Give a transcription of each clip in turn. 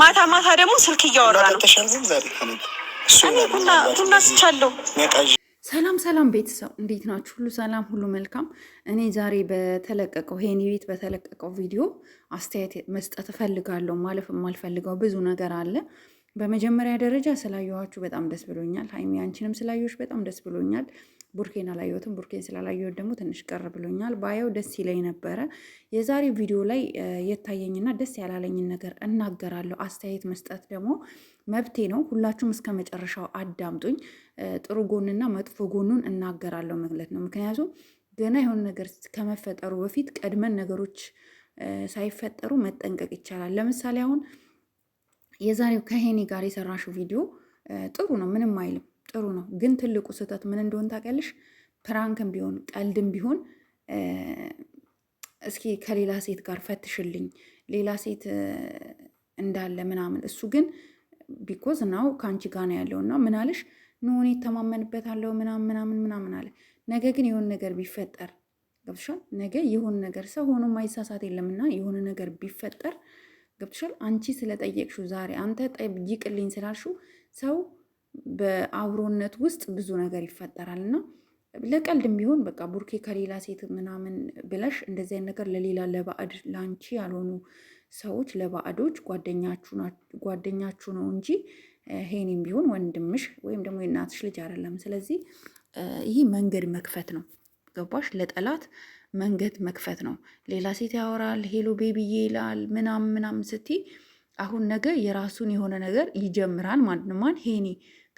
ማታ ማታ ደግሞ ስልክ እያወራ ነው። ስቻለሁ። ሰላም ሰላም ቤተሰብ እንዴት ናችሁ? ሁሉ ሰላም፣ ሁሉ መልካም። እኔ ዛሬ በተለቀቀው ሄኒ ቤት በተለቀቀው ቪዲዮ አስተያየት መስጠት እፈልጋለሁ። ማለፍ የማልፈልገው ብዙ ነገር አለ። በመጀመሪያ ደረጃ ስላየኋችሁ በጣም ደስ ብሎኛል። ሀይሚ አንቺንም ስላየሁሽ በጣም ደስ ብሎኛል። ቡርኬን አላየሁትም። ቡርኬን ስላላየሁት ደግሞ ትንሽ ቀር ብሎኛል። ባየው ደስ ይለኝ ነበረ። የዛሬው ቪዲዮ ላይ የታየኝና ደስ ያላለኝን ነገር እናገራለሁ። አስተያየት መስጠት ደግሞ መብቴ ነው። ሁላችሁም እስከ መጨረሻው አዳምጡኝ። ጥሩ ጎንና መጥፎ ጎኑን እናገራለሁ ማለት ነው። ምክንያቱም ገና የሆነ ነገር ከመፈጠሩ በፊት ቀድመን ነገሮች ሳይፈጠሩ መጠንቀቅ ይቻላል። ለምሳሌ አሁን የዛሬው ከሄኒ ጋር የሰራሽው ቪዲዮ ጥሩ ነው፣ ምንም አይልም፣ ጥሩ ነው። ግን ትልቁ ስህተት ምን እንደሆን ታውቂያለሽ? ፕራንክም ቢሆን ቀልድም ቢሆን እስኪ ከሌላ ሴት ጋር ፈትሽልኝ፣ ሌላ ሴት እንዳለ ምናምን። እሱ ግን ቢኮዝ ናው ከአንቺ ጋር ነው ያለው ምን አለሽ? ኖ እኔ ምናምን ምናምን ምናምን አለ። ነገ ግን የሆነ ነገር ቢፈጠር ገብሻል። ነገ የሆነ ነገር ሰው ሆኖ ማይሳሳት የለምና የሆነ ነገር ቢፈጠር ገብቶሻል። አንቺ ስለጠየቅሹ ዛሬ አንተ ጠይቅልኝ ስላልሹ ሰው በአብሮነት ውስጥ ብዙ ነገር ይፈጠራል እና ለቀልድም ቢሆን በቃ ቡርኬ ከሌላ ሴት ምናምን ብለሽ እንደዚህ አይነት ነገር ለሌላ ለባዕድ ለአንቺ ያልሆኑ ሰዎች ለባዕዶች ጓደኛችሁ ነው እንጂ ሄኔም ቢሆን ወንድምሽ ወይም ደግሞ የእናትሽ ልጅ አይደለም። ስለዚህ ይህ መንገድ መክፈት ነው። ገባሽ? ለጠላት መንገድ መክፈት ነው። ሌላ ሴት ያወራል፣ ሄሎ ቤቢዬ ይላል፣ ምናም ምናም ስቲ አሁን ነገ የራሱን የሆነ ነገር ይጀምራል ማለት ማን ሄኒ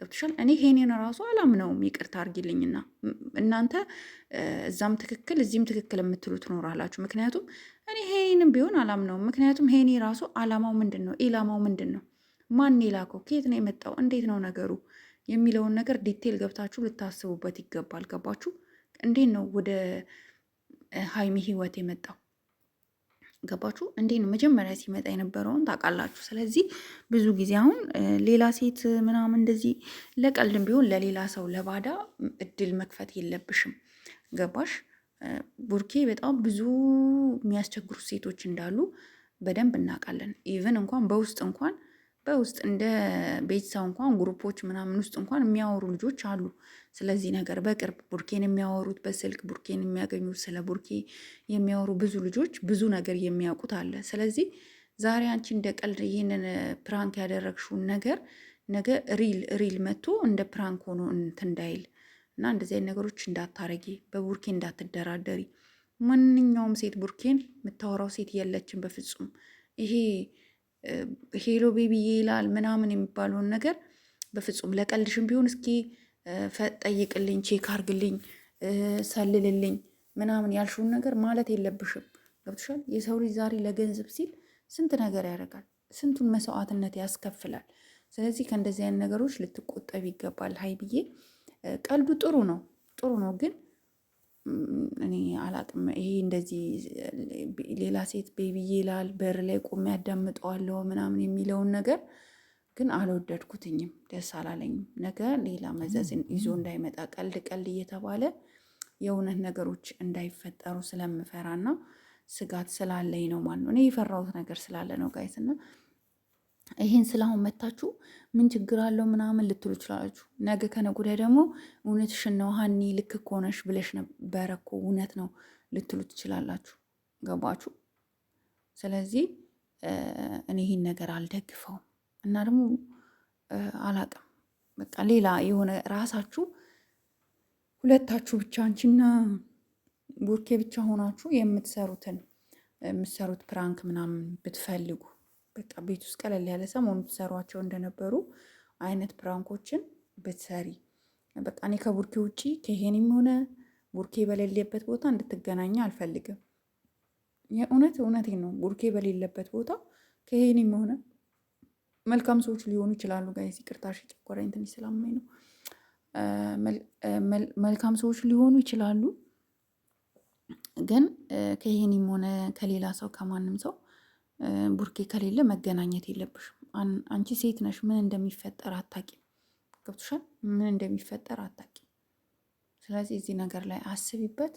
ገብቶሻል። እኔ ሄኔን ራሱ አላምነውም፣ ይቅርታ አርጊልኝና እናንተ እዛም ትክክል እዚህም ትክክል የምትሉ ትኖራላችሁ። ምክንያቱም እኔ ሄኒንም ቢሆን አላምነውም። ምክንያቱም ሄኒ ራሱ አላማው ምንድን ነው? ኢላማው ምንድን ነው? ማን የላከው? ከየት ነው የመጣው? እንዴት ነው ነገሩ የሚለውን ነገር ዲቴል ገብታችሁ ልታስቡበት ይገባል። ገባችሁ? እንዴት ነው ወደ ሀይሚ ህይወት የመጣው? ገባችሁ እንዴ ነው መጀመሪያ ሲመጣ የነበረውን ታውቃላችሁ። ስለዚህ ብዙ ጊዜ አሁን ሌላ ሴት ምናምን እንደዚህ ለቀልድም ቢሆን ለሌላ ሰው ለባዳ እድል መክፈት የለብሽም። ገባሽ ቡርኬ? በጣም ብዙ የሚያስቸግሩት ሴቶች እንዳሉ በደንብ እናውቃለን። ኢቨን እንኳን በውስጥ እንኳን በውስጥ እንደ ቤተሰብ እንኳን ግሩፖች ምናምን ውስጥ እንኳን የሚያወሩ ልጆች አሉ። ስለዚህ ነገር በቅርብ ቡርኬን የሚያወሩት በስልክ ቡርኬን የሚያገኙት ስለ ቡርኬ የሚያወሩ ብዙ ልጆች ብዙ ነገር የሚያውቁት አለ። ስለዚህ ዛሬ አንቺ እንደ ቀልድ ይህንን ፕራንክ ያደረግሽውን ነገር ነገ ሪል ሪል መጥቶ እንደ ፕራንክ ሆኖ እንትን እንዳይል እና እንደዚህ ነገሮች እንዳታረጊ፣ በቡርኬ እንዳትደራደሪ። ማንኛውም ሴት ቡርኬን የምታወራው ሴት የለችም በፍጹም ይሄ ሄሎ ቤቢዬ ይላል ምናምን የሚባለውን ነገር በፍጹም ለቀልድሽም ቢሆን እስኪ ጠይቅልኝ፣ ቼክ አርግልኝ፣ ሰልልልኝ ምናምን ያልሽውን ነገር ማለት የለብሽም። ገብቶሻል? የሰው ልጅ ዛሬ ለገንዘብ ሲል ስንት ነገር ያደርጋል፣ ስንቱን መስዋዕትነት ያስከፍላል። ስለዚህ ከእንደዚህ አይነት ነገሮች ልትቆጠብ ይገባል። ሀይ ብዬ ቀልዱ ጥሩ ነው ጥሩ ነው ግን እኔ አላቅም። ይሄ እንደዚህ ሌላ ሴት ቤቢ ይላል በር ላይ ቁም ያዳምጠዋለሁ ምናምን የሚለውን ነገር ግን አልወደድኩትኝም፣ ደስ አላለኝም። ነገ ሌላ መዘዝ ይዞ እንዳይመጣ ቀልድ ቀልድ እየተባለ የእውነት ነገሮች እንዳይፈጠሩ ስለምፈራና ስጋት ስላለኝ ነው ማን ነው። እኔ የፈራሁት ነገር ስላለ ነው ጋይስና። ይሄን ስለአሁን መታችሁ ምን ችግር አለው ምናምን ልትሉ ይችላላችሁ። ነገ ከነገ ወዲያ ደግሞ እውነትሽን ነው ሀኒ ልክ እኮ ነሽ ብለሽ ነበረ እኮ እውነት ነው ልትሉ ትችላላችሁ። ገባችሁ? ስለዚህ እኔ ይህን ነገር አልደግፈውም እና ደግሞ አላቅም በቃ ሌላ የሆነ ራሳችሁ ሁለታችሁ ብቻ አንቺና ቡርኬ ብቻ ሆናችሁ የምትሰሩትን የምትሰሩት ፕራንክ ምናምን ብትፈልጉ በቃ ቤት ውስጥ ቀለል ያለ ሰሞኑ ትሰሯቸው እንደነበሩ አይነት ፕራንኮችን ብትሰሪ በቃ እኔ ከቡርኬ ውጪ ከሄንም ሆነ ቡርኬ በሌለበት ቦታ እንድትገናኝ አልፈልግም። የእውነት እውነቴን ነው። ቡርኬ በሌለበት ቦታ ከሄንም ሆነ መልካም ሰዎች ሊሆኑ ይችላሉ። ጋይስ ይቅርታሽ፣ ጨጓራዬን ትንሽ ስላመመኝ ነው። መልካም ሰዎች ሊሆኑ ይችላሉ፣ ግን ከሄንም ሆነ ከሌላ ሰው ከማንም ሰው ቡርኬ ከሌለ መገናኘት የለብሽም። አንቺ ሴት ነሽ፣ ምን እንደሚፈጠር አታቂም። ገብቶሻል? ምን እንደሚፈጠር አታቂም። ስለዚህ እዚህ ነገር ላይ አስቢበት።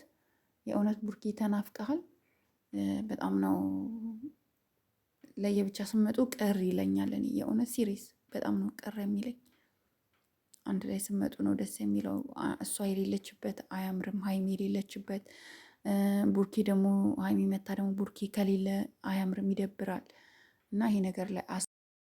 የእውነት ቡርኬ ተናፍቀሃል። በጣም ነው ለየብቻ ስመጡ ቅር ይለኛል። እኔ የእውነት ሲሪስ በጣም ነው ቅር የሚለኝ። አንድ ላይ ስመጡ ነው ደስ የሚለው። እሷ የሌለችበት አያምርም። ሀይሚ የሌለችበት ቡርኬ ደግሞ ሀይሚ መታ ደግሞ ቡርኬ ከሌለ አያምርም፣ ይደብራል እና ይሄ ነገር ላይ